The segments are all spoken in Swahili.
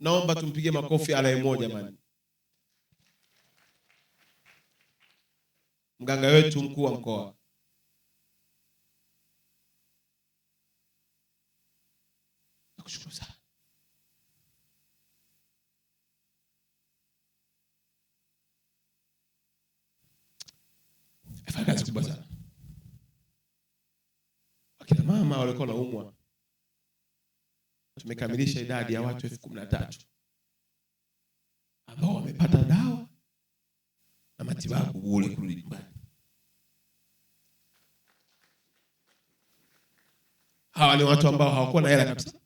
Naomba tumpige makofi alaye moja mani. Mganga wetu mkuu wa mkoa nakushukuru sana. Kazi kubwa sana. Akina mama walikuwa naumwa tumekamilisha idadi ya watu elfu kumi na tatu ambao wamepata dawa na matibabu bure kurudi nyumbani. Hawa ni watu ambao hawakuwa na hela kabisa,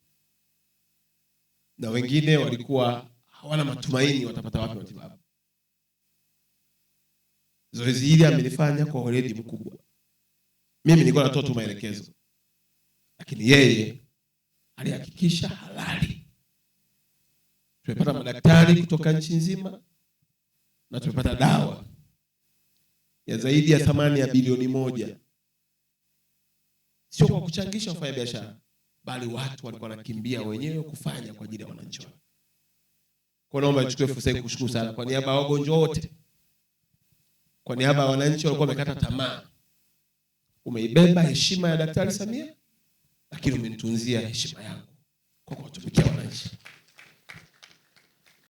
na wengine walikuwa hawana matumaini watapata wapi matibabu. Zoezi hili amelifanya kwa weledi mkubwa. Mimi nilikuwa natoa tu maelekezo, lakini yeye alihakikisha halali. Tumepata madaktari kutoka nchi nzima na tumepata dawa ya zaidi ya thamani ya bilioni moja, sio kwa kuchangisha wafanya biashara, bali watu walikuwa wanakimbia wenyewe kufanya kwa ajili ya wananchi Kwa naomba nichukue fursa hii kushukuru sana kwa niaba ya wagonjwa wote, kwa niaba ya wananchi walikuwa wamekata tamaa. Umeibeba heshima ya Daktari Samia lakini umenitunzia heshima yangu kwa